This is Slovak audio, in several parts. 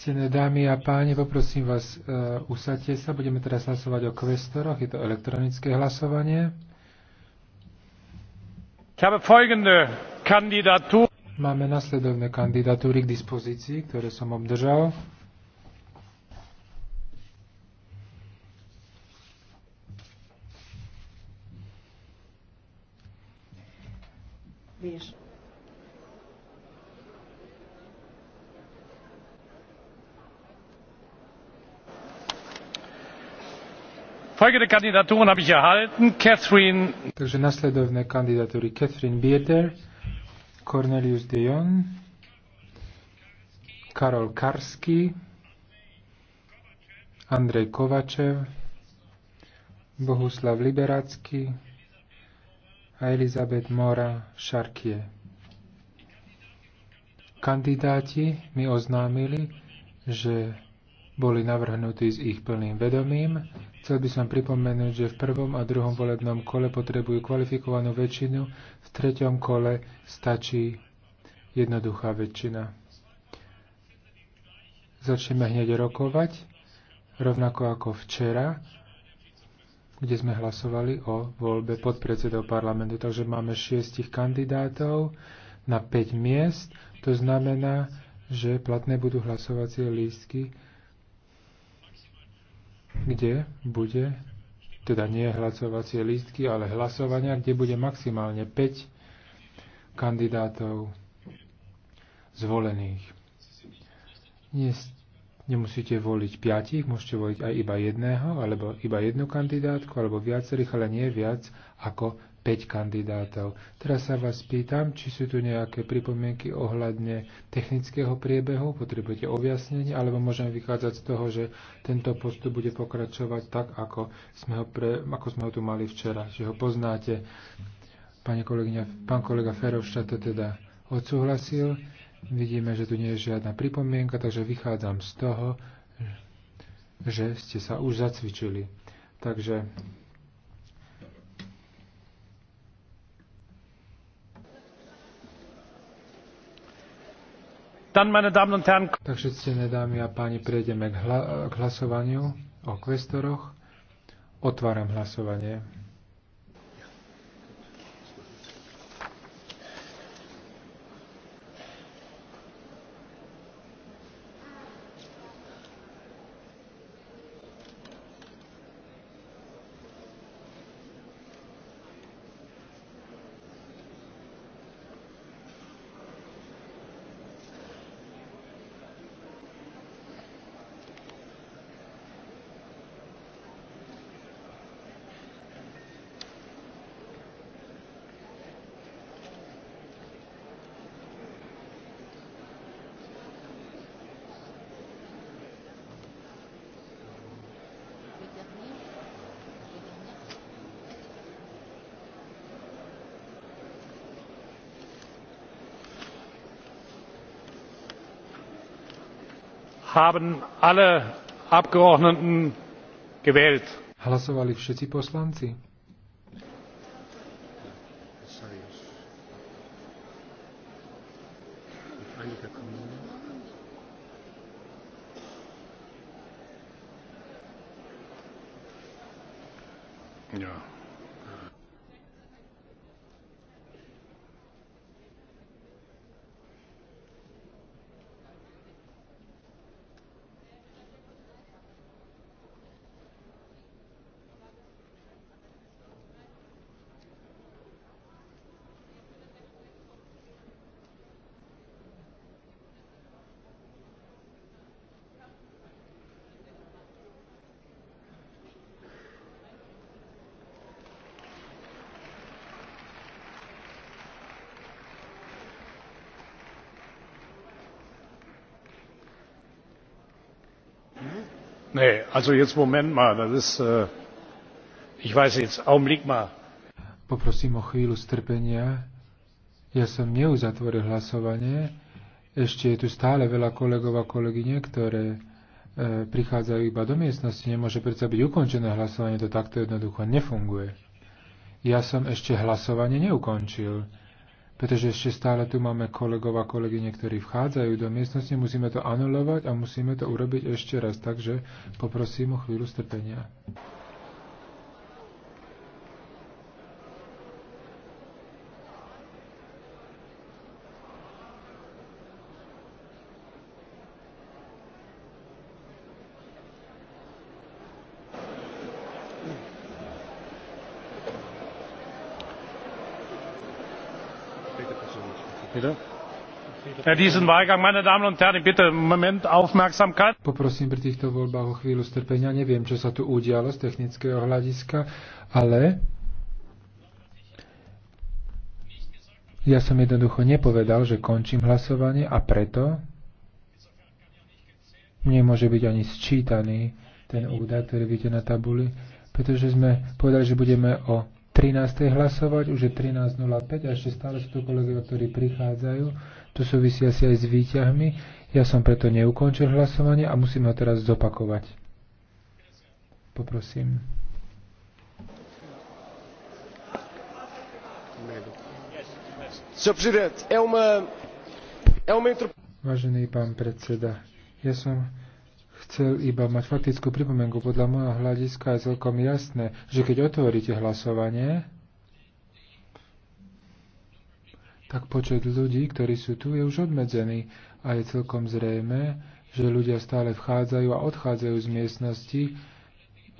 Cené dámy a páni, poprosím vás, uh, e, usadte sa. Budeme teraz hlasovať o kvestoroch. Je to elektronické hlasovanie. Máme nasledovné kandidatúry k dispozícii, ktoré som obdržal. Vieš. folgende kandidaturen habe ich erhalten catherine takže nasledovné kandidatúry Catherine Bieter Cornelius de Jong Karol Karski, Andrej Kovačev Bohuslav Liberácky a Elizabeth Mora Šarkie. Kandidáti mi oznámili, že boli navrhnutí s ich plným vedomím. Chcel by som pripomenúť, že v prvom a druhom volebnom kole potrebujú kvalifikovanú väčšinu, v treťom kole stačí jednoduchá väčšina. Začneme hneď rokovať, rovnako ako včera, kde sme hlasovali o voľbe podpredsedov parlamentu. Takže máme šiestich kandidátov na 5 miest. To znamená, že platné budú hlasovacie lístky kde bude, teda nie hlasovacie lístky, ale hlasovania, kde bude maximálne 5 kandidátov zvolených. Nie, nemusíte voliť piatich, môžete voliť aj iba jedného, alebo iba jednu kandidátku, alebo viacerých, ale nie viac ako 5 kandidátov. Teraz sa vás pýtam, či sú tu nejaké pripomienky ohľadne technického priebehu, potrebujete objasnenie, alebo môžeme vychádzať z toho, že tento postup bude pokračovať tak, ako sme ho, pre, ako sme ho tu mali včera, že ho poznáte. Pani kolegyňa, pán kolega Ferovšta to teda odsúhlasil. Vidíme, že tu nie je žiadna pripomienka, takže vychádzam z toho, že ste sa už zacvičili. Takže Takže, ctené dámy a páni, prejdeme k, hla- k hlasovaniu o kvestoroch. Otváram hlasovanie. haben alle abgeordneten gewählt. hlasovali všetci poslanci? Ja. Äh, Poprosím o chvíľu strpenia. Ja som neuzatvoril hlasovanie. Ešte je tu stále veľa kolegov a kolegyne, ktoré e, prichádzajú iba do miestnosti. Nemôže predsa byť ukončené hlasovanie, to takto jednoducho nefunguje. Ja som ešte hlasovanie neukončil pretože ešte stále tu máme kolegov a kolegyne, ktorí vchádzajú do miestnosti, musíme to anulovať a musíme to urobiť ešte raz, takže poprosím o chvíľu strpenia. Poprosím pri týchto voľbách o chvíľu strpenia. Neviem, čo sa tu udialo z technického hľadiska, ale ja som jednoducho nepovedal, že končím hlasovanie a preto nemôže byť ani sčítaný ten údaj, ktorý vidíte na tabuli, pretože sme povedali, že budeme o 13. hlasovať, už je 13.05 a ešte stále sú tu kolegovia, ktorí prichádzajú. Tu súvisia si aj s výťahmi. Ja som preto neukončil hlasovanie a musím ho teraz zopakovať. Poprosím. Vážený pán predseda, ja som chcel iba mať faktickú pripomienku. Podľa môjho hľadiska je celkom jasné, že keď otvoríte hlasovanie, tak počet ľudí, ktorí sú tu, je už obmedzený a je celkom zrejme, že ľudia stále vchádzajú a odchádzajú z miestnosti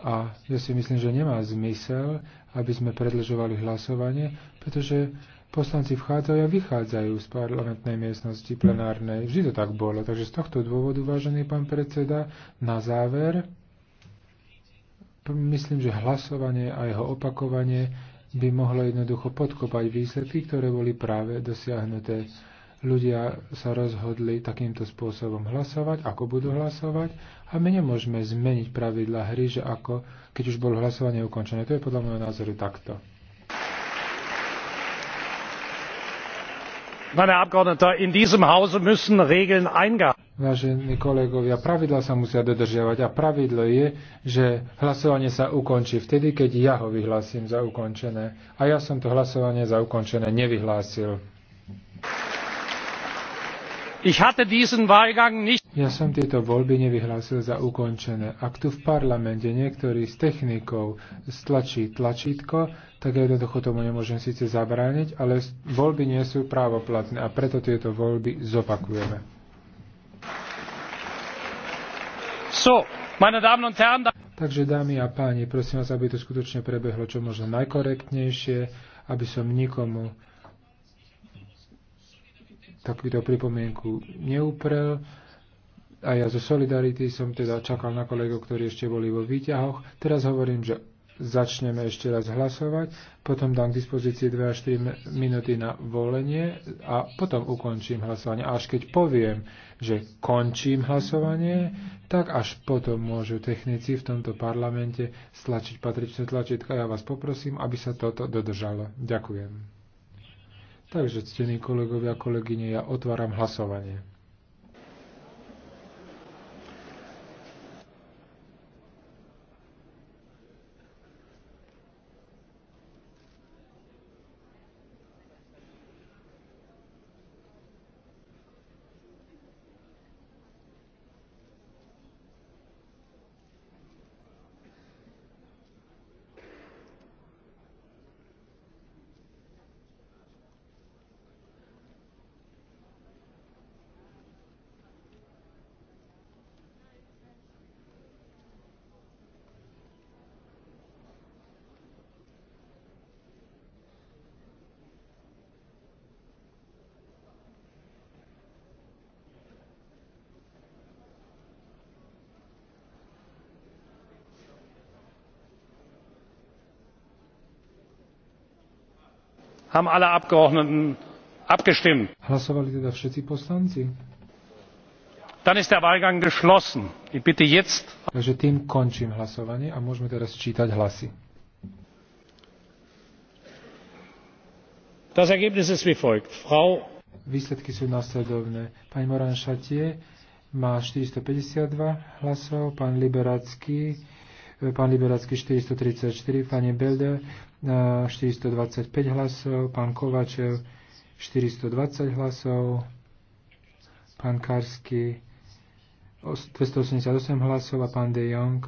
a ja si myslím, že nemá zmysel, aby sme predlžovali hlasovanie, pretože poslanci vchádzajú a vychádzajú z parlamentnej miestnosti plenárnej. Vždy to tak bolo. Takže z tohto dôvodu, vážený pán predseda, na záver myslím, že hlasovanie a jeho opakovanie by mohlo jednoducho podkopať výsledky, ktoré boli práve dosiahnuté. Ľudia sa rozhodli takýmto spôsobom hlasovať, ako budú hlasovať a my nemôžeme zmeniť pravidla hry, že ako, keď už bolo hlasovanie ukončené. To je podľa môjho názoru takto. meine abgeordnete in diesem hause müssen regeln eingehalten a pravidlo je, že hlasovanie sa ukončí vtedy, keď ja ho vyhlásim za ukončené. A ja som to hlasovanie za ukončené nevyhlásil. Ich hatte diesen Wahlgang nicht ja som tieto voľby nevyhlásil za ukončené. Ak tu v parlamente niektorý z technikov stlačí tlačítko, tak ja jednoducho tomu nemôžem síce zabrániť, ale voľby nie sú právoplatné a preto tieto voľby zopakujeme. So, meine Damen und Herren, da Takže dámy a páni, prosím vás, aby to skutočne prebehlo čo možno najkorektnejšie, aby som nikomu takúto pripomienku neuprel a ja zo Solidarity som teda čakal na kolegov, ktorí ešte boli vo výťahoch. Teraz hovorím, že začneme ešte raz hlasovať, potom dám k dispozícii 2 až 4 minúty na volenie a potom ukončím hlasovanie. Až keď poviem, že končím hlasovanie, tak až potom môžu technici v tomto parlamente stlačiť patričné tlačítka. Ja vás poprosím, aby sa toto dodržalo. Ďakujem. Takže, ctení kolegovia a kolegyne, ja otváram hlasovanie. haben alle abgeordneten abgestimmt. hlasovali teda všetci poslanci? dann ist der wahlgang geschlossen. ich bitte jetzt. takže tým končím hlasovanie a môžeme teraz čítať hlasy. das ergebnis ist wie folgt. frau Výsledky sú následovné. Pani Moran Šatie má 452 hlasov, pán Liberacký, eh, pán Liberacký 434, pani Belder 425 hlasov, pán Kovačev 420 hlasov, pán Karsky 288 hlasov a pán De Jong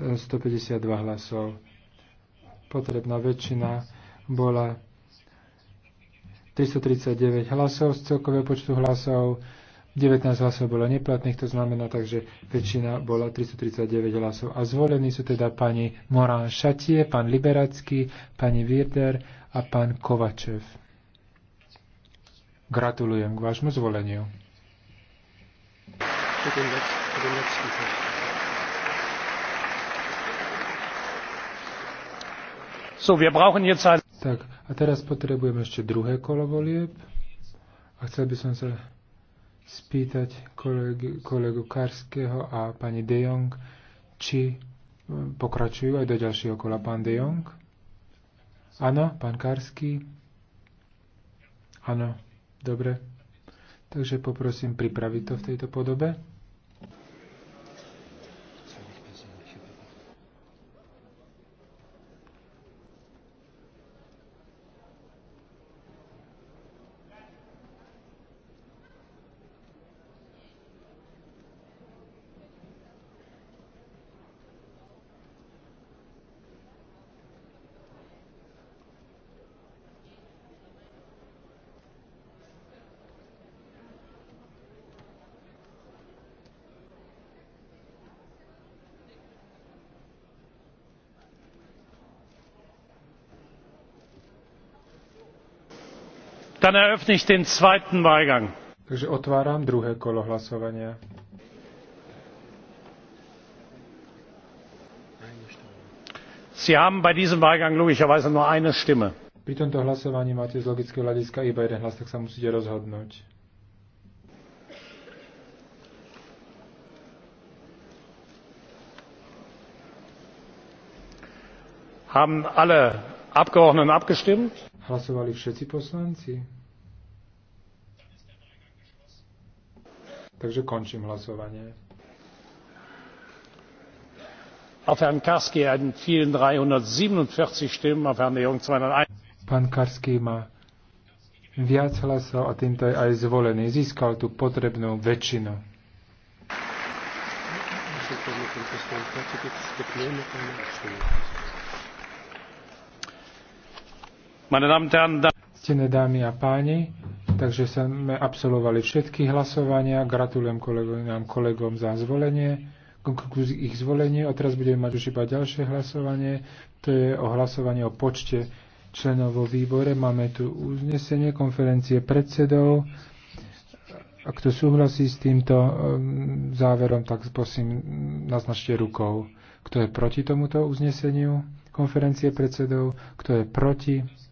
152 hlasov. Potrebná väčšina bola 339 hlasov z celkového počtu hlasov. 19 hlasov bolo neplatných, to znamená tak, že väčšina bola 339 hlasov. A zvolení sú teda pani Morán Šatie, pán Liberacký, pani Vierder a pán Kovačev. Gratulujem k vášmu zvoleniu. So, wir brauchen jetzt Tak, a teraz potrebujeme ešte druhé kolo volieb. A chcel by som sa spýtať kolegu, kolegu Karského a pani De Jong, či eh, pokračujú aj do ďalšieho kola pán De Jong. Áno, pán Karský. Áno, dobre. Takže poprosím pripraviť to v tejto podobe. Dann eröffne ich den zweiten Wahlgang. Takže otváram druhé kolo hlasovania. Sie haben bei diesem Wahlgang logischerweise nur eine Stimme. Pri tomto hlasovaní máte z logického hľadiska iba jeden hlas, tak sa musíte rozhodnúť. Haben alle Abgeordneten abgestimmt? Hlasovali všetci poslanci? Takže končím hlasovanie. Auf Herrn Karski hat 347 Stimmen, auf Herrn Jung 201. Pán Karski má viac hlasov a týmto je aj zvolený. Získal tú potrebnú väčšinu. Thank you. Ctené dámy a páni, takže sme absolvovali všetky hlasovania. Gratulujem kolegom, kolegom za zvolenie, ich zvolenie. A teraz budeme mať už iba ďalšie hlasovanie. To je o hlasovanie o počte členov vo výbore. Máme tu uznesenie konferencie predsedov. A kto súhlasí s týmto um, záverom, tak prosím, naznačte rukou. Kto je proti tomuto uzneseniu konferencie predsedov? Kto je proti?